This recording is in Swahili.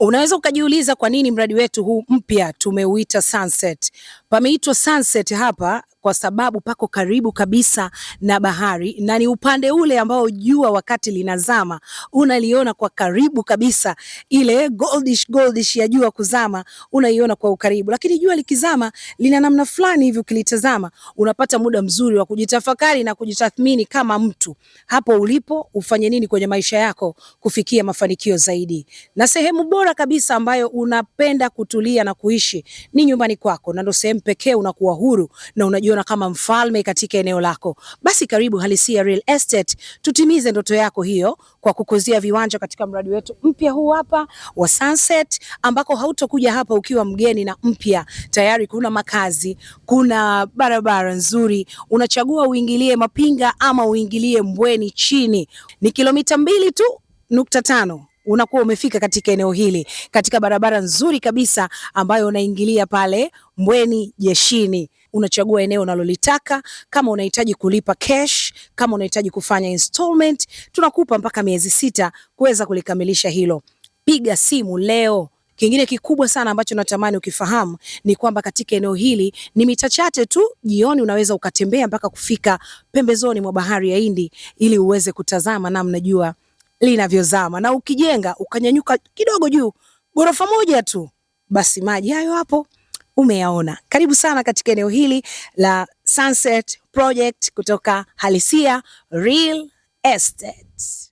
Unaweza ukajiuliza kwa nini mradi wetu huu mpya tumeuita Sunset. Pameitwa Sunset hapa kwa sababu pako karibu kabisa na bahari na ni upande ule ambao jua wakati linazama unaliona kwa karibu kabisa, ile goldish goldish ya jua kuzama unaiona kwa ukaribu, lakini jua likizama lina namna fulani hivi, ukilitazama unapata muda mzuri wa kujitafakari na kujitathmini kama mtu hapo ulipo ufanye nini kwenye maisha yako kufikia mafanikio zaidi. Na sehemu bora kabisa ambayo unapenda kutulia na kuishi ni nyumbani kwako, na ndo sehemu pekee unakuwa huru na unajua kujiona kama mfalme katika eneo lako, basi karibu Halisia Real Estate, tutimize ndoto yako hiyo kwa kukuzia viwanja katika mradi wetu mpya huu hapa wa Sunset, ambako hautokuja hapa ukiwa mgeni na mpya. Tayari kuna makazi, kuna barabara nzuri. Unachagua uingilie Mapinga ama uingilie Mbweni chini, ni kilomita mbili tu nukta tano unakuwa umefika katika eneo hili katika barabara nzuri kabisa ambayo unaingilia pale Mbweni Jeshini. Unachagua eneo unalolitaka, kama unahitaji kulipa cash, kama unahitaji kufanya installment, tunakupa mpaka miezi sita kuweza kulikamilisha hilo. Piga simu leo. Kingine kikubwa sana ambacho natamani ukifahamu ni kwamba katika eneo hili ni mita chache tu, jioni unaweza ukatembea mpaka kufika pembezoni mwa bahari ya Hindi ili uweze kutazama namna jua linavyozama, na ukijenga ukanyanyuka kidogo juu, ghorofa moja tu, basi maji hayo hapo umeyaona. Karibu sana katika eneo hili la Sunset Project kutoka Halisia Real Estate.